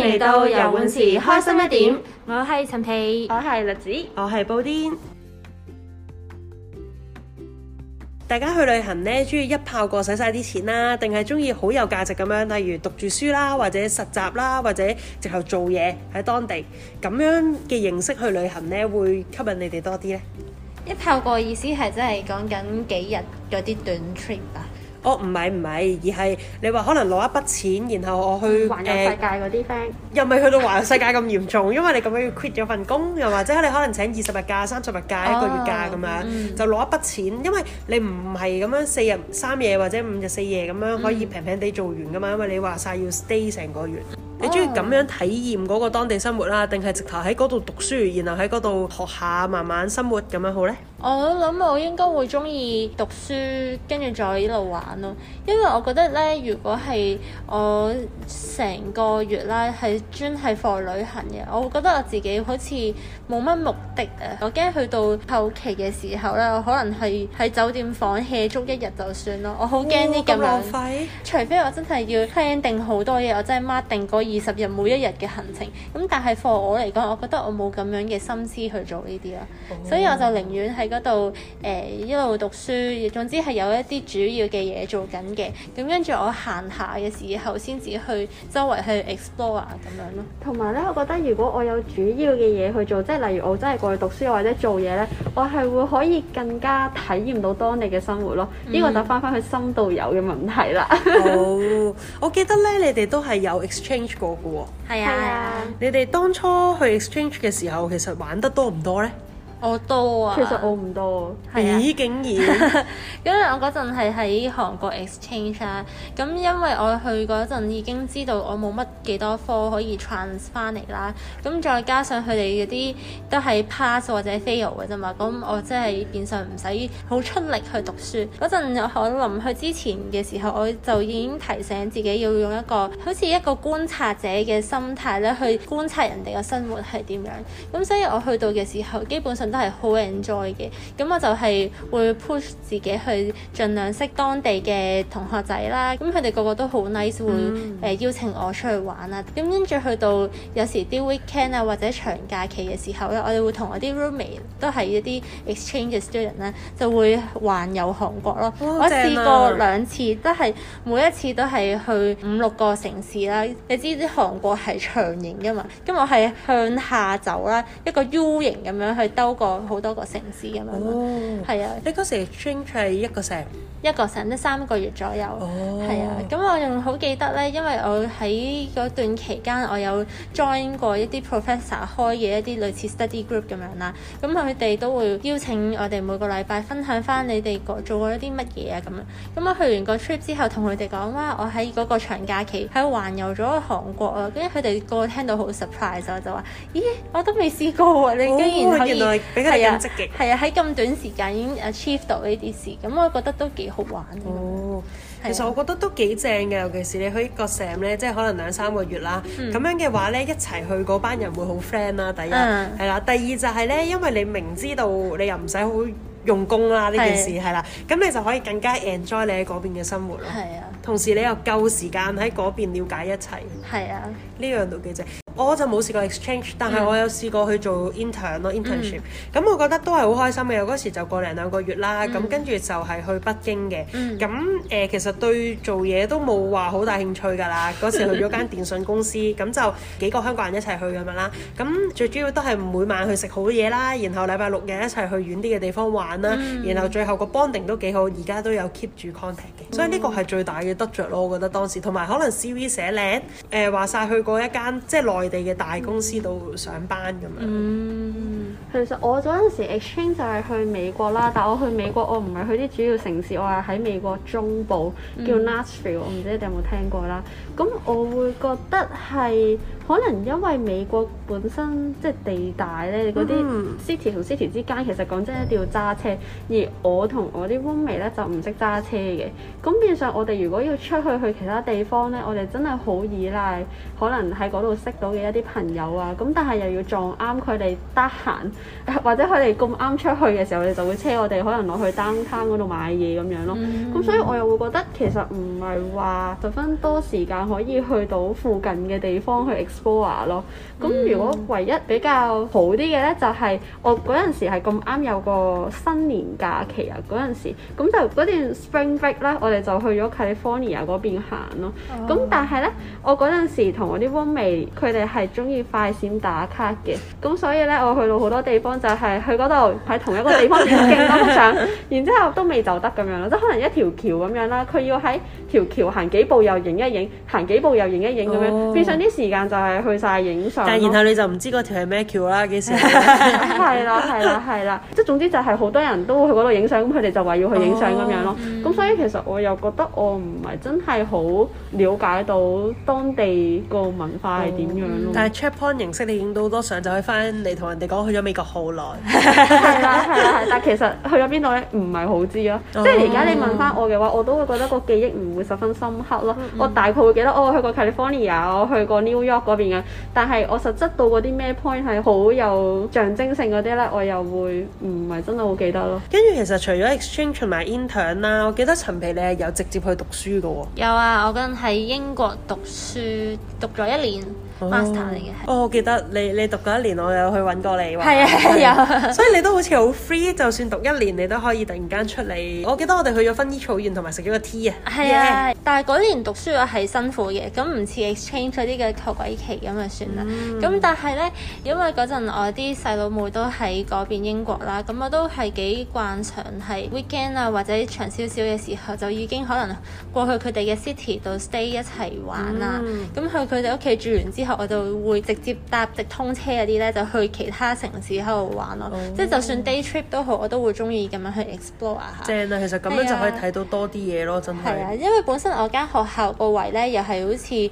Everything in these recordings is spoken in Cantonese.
歡迎嚟到遊玩時，開心一點。我係陳皮，我係栗子，我係布丁。大家去旅行呢，中意一炮過使晒啲錢啦，定係中意好有價值咁樣？例如讀住書啦，或者實習啦，或者直頭做嘢喺當地咁樣嘅形式去旅行呢，會吸引你哋多啲呢？一炮過意思係即係講緊幾日嗰啲短 trip 啊。哦，唔係唔係，而係你話可能攞一筆錢，然後我去環遊世界誒，呃、又唔係去到環遊世界咁嚴重， 因為你咁樣要 quit 咗份工，又或者你可能請二十日假、三十日假、oh, 一個月假咁樣，um. 就攞一筆錢，因為你唔係咁樣四日三夜或者五日四夜咁樣、um. 可以平平地做完噶嘛，因為你話晒要 stay 成個月，oh. 你中意咁樣體驗嗰個當地生活啊，定係直頭喺嗰度讀書，然後喺嗰度學下慢慢生活咁樣好呢？我諗我應該會中意讀書，跟住再喺呢度玩咯。因為我覺得呢，如果係我成個月啦，係專係放旅行嘅，我會覺得我自己好似冇乜目的啊。我驚去到後期嘅時候咧，我可能係喺酒店房歇足一日就算咯。我好驚啲咁樣，哦、浪費，除非我真係要 plan 定好多嘢，我真係 mark 定嗰二十日每一日嘅行程。咁但係放我嚟講，我覺得我冇咁樣嘅心思去做呢啲啦，哦、所以我就寧願係，嗰度誒一路讀書，總之係有一啲主要嘅嘢做緊嘅。咁跟住我閒暇嘅時候，先至去周圍去 explore 咁樣咯。同埋咧，我覺得如果我有主要嘅嘢去做，即係例如我真係過去讀書或者做嘢咧，我係會可以更加體驗到當地嘅生活咯。呢個就翻翻去深度遊嘅問題啦。好、嗯，oh，我記得咧，你哋都係有 exchange 過嘅喎。係 啊，係啊，你哋當初去 exchange 嘅時候，其實玩得多唔多咧？我多啊，其實我唔多，咦竟、啊、然？因為 我嗰陣係喺韓國 exchange 啦，咁因為我去嗰陣已經知道我冇乜幾多科可以 trans 翻嚟啦，咁再加上佢哋嗰啲都係 pass 或者 fail 嘅啫嘛，咁我真係變相唔使好出力去讀書。嗰陣可能去之前嘅時候，我就已經提醒自己要用一個好似一個觀察者嘅心態咧，去觀察人哋嘅生活係點樣。咁所以我去到嘅時候，基本上，都係好 enjoy 嘅，咁我就係會 push 自己去盡量識當地嘅同學仔啦，咁佢哋個個都好 nice，會誒、嗯呃，邀請我出去玩啦，咁跟住去到有時啲 weekend 啊或者長假期嘅時候咧，我哋會同我啲 roomie 都係一啲 exchange student 咧、啊，就會環遊韓國咯。哦、我試過兩次，嗯、都係每一次都係去五六個城市啦。你知啲韓國係長形嘅嘛，咁我係向下走啦，一個 U 型咁樣去兜。個好多個城市咁樣咯，係、oh, 啊。你嗰時 exchange 係一個城，一個城即三個月左右，係、oh. 啊。咁我仲好記得呢，因為我喺嗰段期間，我有 join 過一啲 professor 開嘅一啲類似 study group 咁樣啦。咁佢哋都會邀請我哋每個禮拜分享翻你哋做過一啲乜嘢啊咁樣。咁、嗯、我、嗯、去完個 trip 之後，同佢哋講哇，我喺嗰個長假期喺環遊咗韓國啊。跟住佢哋個個聽到好 surprise，我就話：咦，我都未試過啊！你居然可以。比較咁積極，係啊！喺咁、啊、短時間已經 achieve 到呢啲事，咁我覺得都幾好玩。哦，其實我覺得都幾正嘅，尤其是你去一個 sam 咧，即係可能兩三個月啦。咁、嗯、樣嘅話咧，一齊去嗰班人會好 friend 啦。第一，係啦、嗯啊。第二就係咧，因為你明知道你又唔使好用功啦，呢、嗯、件事係啦，咁、啊、你就可以更加 enjoy 你喺嗰邊嘅生活咯。係啊、嗯。同時你又夠時間喺嗰邊瞭解一齊。係、嗯、啊。呢樣都幾正，我就冇試過 exchange，但係我有試過去做 intern 咯，internship，咁、mm. 嗯、我覺得都係好開心嘅。嗰時就個零兩個月啦，咁跟住就係去北京嘅，咁誒、mm. 嗯呃、其實對做嘢都冇話好大興趣㗎啦。嗰、mm. 時去咗間電信公司，咁 就幾個香港人一齊去咁樣啦。咁、嗯、最主要都係每晚去食好嘢啦，然後禮拜六日一齊去遠啲嘅地方玩啦，mm. 然後最後個 bonding 都幾好，而家都有 keep 住 contact 嘅，mm. 所以呢個係最大嘅得着咯。我覺得當時同埋可能 CV 寫靚，誒話晒去。過一間即係內地嘅大公司度上班咁、嗯、樣。嗯，其實我嗰陣時 exchange 就係去美國啦，但我去美國，我唔係去啲主要城市，我係喺美國中部叫 Nashville，、嗯、我唔知你哋有冇聽過啦？咁我會覺得係。可能因為美國本身即係地大咧，嗰啲、嗯、哼 city 同 city 之間其實講真一定要揸車。而我同我啲 roommate 咧就唔識揸車嘅，咁變相我哋如果要出去去其他地方咧，我哋真係好依賴可能喺嗰度識到嘅一啲朋友啊。咁但係又要撞啱佢哋得閒，或者佢哋咁啱出去嘅時候，你就會車我哋可能落去 downtown 嗰度買嘢咁樣咯。咁、嗯、哼所以我又會覺得其實唔係話十分多時間可以去到附近嘅地方去。咯，咁、嗯、如果唯一比較好啲嘅呢，就係我嗰陣時係咁啱有個新年假期啊，嗰陣時，咁就嗰段 Spring Break 咧，我哋就去咗 California 嗰邊行咯。咁但係呢，我嗰陣、哦、時同我啲 roommate 佢哋係中意快閃打卡嘅，咁所以呢，我去到好多地方就係去嗰度喺同一個地方影鏡多幅相， 然之後都未走得咁樣咯，即係可能一條橋咁樣啦，佢要喺條橋行幾步又影一影，行幾步又影一影咁樣，哦、變相啲時間就係、是、～去晒影相，但然後你就唔知嗰條係咩橋啦，幾時？ 係啦係啦係啦，即係總之就係好多人都去嗰度影相，咁佢哋就話要去影相咁樣咯。咁、哦嗯、所以其實我又覺得我唔係真係好了解到當地個文化係點樣咯。哦嗯、但係 tripon 形式，你影到多相就可以翻嚟同人哋講去咗美國好耐。係啦係啦係，但其實去咗邊度咧，唔係好知咯。哦、即係而家你問翻我嘅話，我都會覺得個記憶唔會十分深刻咯。嗯、我大概會記得，哦，我去過 California，我去過 New York 變嘅，但係我實質到嗰啲咩 point 係好有象徵性嗰啲咧，我又會唔係真係好記得咯。跟住其實除咗 exchange 同埋 intern 啦、啊，我記得陳皮你係有直接去讀書嘅。有啊，我嗰陣喺英國讀書讀咗一年。master 嚟嘅，我、oh, 是 oh, 記得你你讀嗰一年，我有去揾過你，係啊，係有， 所以你都好似好 free，就算讀一年，你都可以突然間出嚟。 我記得我哋去咗薰衣草原同埋食咗個 tea 啊，係啊 Yeah，但係嗰年讀書我係辛苦嘅，咁唔似 exchange 嗰啲嘅求鬼期咁就算啦。咁、嗯、但係呢，因為嗰陣我啲細佬妹都喺嗰邊英國啦，咁我都係幾慣常係 weekend 啊或者長少少嘅時候，就已經可能過去佢哋嘅 city 度 stay 一齊玩啊，咁去佢哋屋企住完之後。我就會直接搭直通車啲咧，就去其他城市喺度玩咯。Oh. 即係就算 day trip 都好，我都會中意咁樣去 explore 下。正啦，其實咁樣就可以睇、啊、到多啲嘢咯，真係係啊，因為本身我間學校個位咧，又係好似誒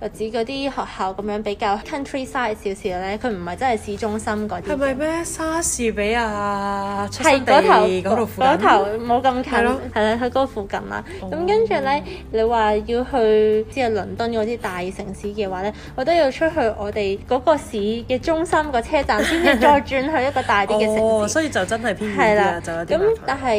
或者嗰啲學校咁樣比較 countryside 少少咧，佢唔係真係市中心嗰啲。係咪咩莎士比亞、啊？係嗰頭嗰頭冇咁近，近咯，係啦， 去嗰附近啦、啊。咁、oh. 跟住咧，你話要去即係倫敦嗰啲大城市嘅話。我都要出去我哋嗰個市嘅中心個車站先至再轉去一個大啲嘅城市。哦， oh, 所以就真係偏係啦，的就咁。但係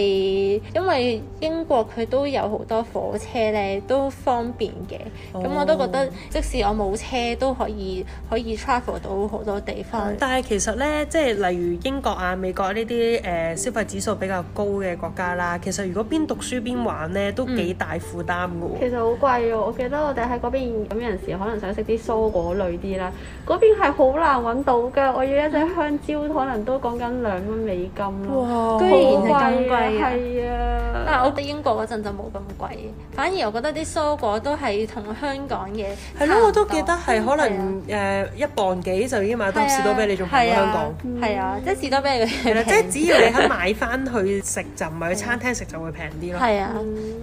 因為英國佢都有好多火車咧，都方便嘅。咁、oh. 我都覺得，即使我冇車都可以可以 travel 到好多地方。嗯、但係其實咧，即係例如英國啊、美國呢啲誒消費指數比較高嘅國家啦，其實如果邊讀書邊玩咧，都幾大負擔，㗎、嗯、其實好貴、哦，我記得我哋喺嗰邊咁樣時可能想食。啲蔬果類啲啦，嗰邊係好難揾到嘅。我要一隻香蕉，可能都講緊兩蚊美金哇，居然係咁貴啊！但係我哋英國嗰陣就冇咁貴，反而我覺得啲蔬果都係同香港嘅係咯。我都記得係可能誒一磅幾就已經買到士多啤梨，仲好過香港。係啊，即士多啤梨嘅。係啦，即只要你肯買翻去食，就唔係去餐廳食，就會平啲咯。係啊，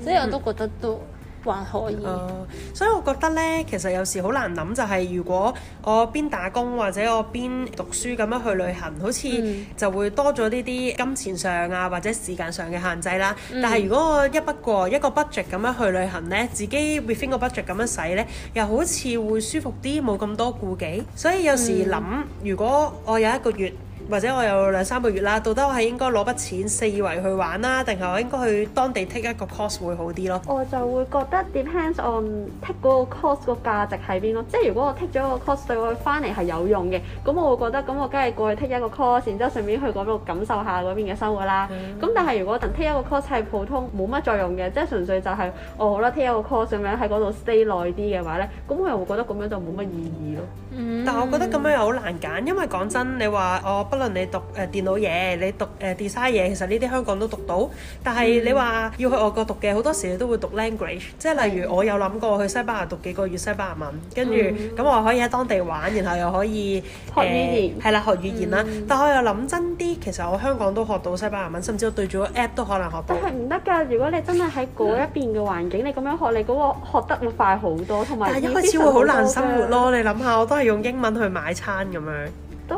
所以我都覺得都，還可以，uh, 所以我覺得呢，其實有時好難諗，就係如果我邊打工或者我邊讀書咁樣去旅行，好似就會多咗呢啲金錢上啊或者時間上嘅限制啦。嗯、但係如果我一筆過一個 budget 咁樣去旅行呢，自己 within 個 budget 咁樣使呢，又好似會舒服啲，冇咁多顧忌。所以有時諗，嗯、如果我有一個月。或者我有兩三個月啦，到底我係應該攞筆錢四圍去玩啦，定係我應該去當地 take 一個 course 會好啲咯？我就會覺得 depends on take 嗰個 course 個價值喺邊咯。即係如果我 take 咗個 course 對我翻嚟係有用嘅，咁我會覺得咁我梗係過去 take 一個 course，然之後順便去嗰度感受下嗰邊嘅生活啦。咁、嗯、但係如果能 take 一個 course 係普通冇乜作用嘅，即係純粹就係哦好啦，take course，一個 course 咁樣喺嗰度 stay 耐啲嘅話咧，咁我又會覺得咁樣就冇乜意義咯。嗯、但係我覺得咁樣又好難揀，因為講真，你話我可能你讀誒電腦嘢，你讀誒 design 嘢，其實呢啲香港都讀到。但係你話要去外國讀嘅，好多時都會讀 language。即係例如，我有諗過去西班牙讀幾個月西班牙文，跟住咁我可以喺當地玩，然後又可以學語言。係啦、呃，學語言啦。嗯、但我又諗真啲，其實我香港都學到西班牙文，甚至我對住個 app 都可能學到。但係唔得㗎，如果你真係喺嗰一邊嘅環境，你咁樣學，你嗰個學得會快好多，同埋。但係一開始會好難生活咯。你諗下，我都係用英文去買餐咁樣。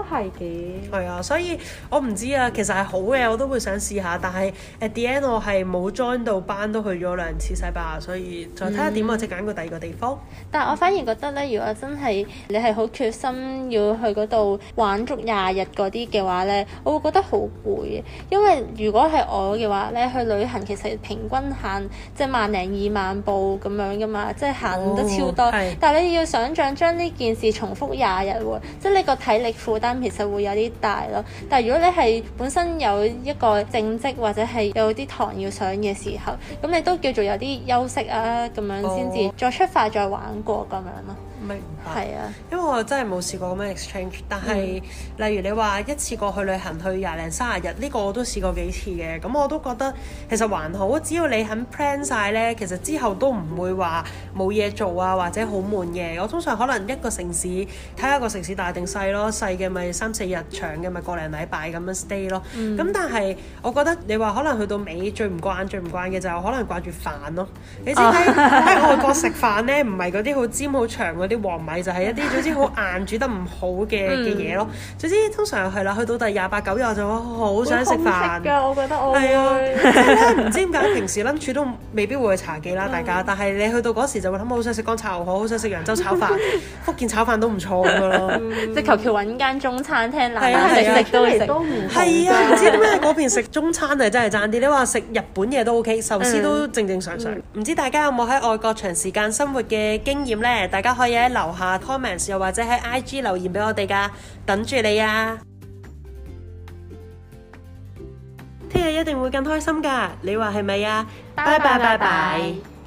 係嘅，係啊，所以我唔知啊。其實係好嘅，我都會想試下，但係誒 the end 我係冇 join 到班，都去咗兩次西班牙，所以再睇下點，或者揀個第二個地方。但係我反而覺得咧，如果真係你係好決心要去嗰度玩足廿日嗰啲嘅話咧，我會覺得好攰，因為如果係我嘅話咧，去旅行其實平均行即係萬零二萬步咁樣噶嘛，即係行得超多。哦，但係你要想像將呢件事重複廿日喎，即係你個體力負擔。其實會有啲大咯，但係如果你係本身有一個正職或者係有啲堂要上嘅時候，咁你都叫做有啲休息啊，咁樣先至再出發再玩過咁樣咯。係啊，嗯、因為我真係冇試過咁樣 exchange，但係、嗯、例如你話一次過去旅行去廿零三十日呢、呢個我都試過幾次嘅，咁我都覺得其實還好，只要你肯 plan 晒呢，其實之後都唔會話冇嘢做啊或者好悶嘅。我通常可能一個城市睇一個城市大定細咯，細嘅咪三四日長嘅咪個零禮拜咁樣 stay 咯。咁、嗯嗯、但係我覺得你話可能去到尾最唔慣最唔慣嘅就可能掛住飯咯。你知唔知喺、哦、外國食飯呢，唔係嗰啲好尖好長嗰啲？黃米就係一啲總之好硬煮得唔好嘅嘅嘢咯。嗯、總之通常係啦，去到第廿八九日我就好想食飯。好食我覺得我係啊！唔、 嗯、知點解平時諗住都未必會去茶記啦，大家。但係你去到嗰時就會諗，好想食乾炒牛河，好想食揚州炒飯、嗯、福建炒飯都唔錯㗎咯。即係求其揾間中餐廳，揦揦食食都係都唔。係啊，唔知點解嗰邊食中餐就、啊啊、真係爭啲。你話食日本嘢都 OK，壽司都正正常常。唔、嗯嗯、知大家有冇喺外國長時間生活嘅經驗咧？大家可以、啊。留下 comments 又或者喺 IG 留言俾我哋㗎，等住你啊！聽日一定會更開心㗎，你話係咪啊？拜拜，拜拜。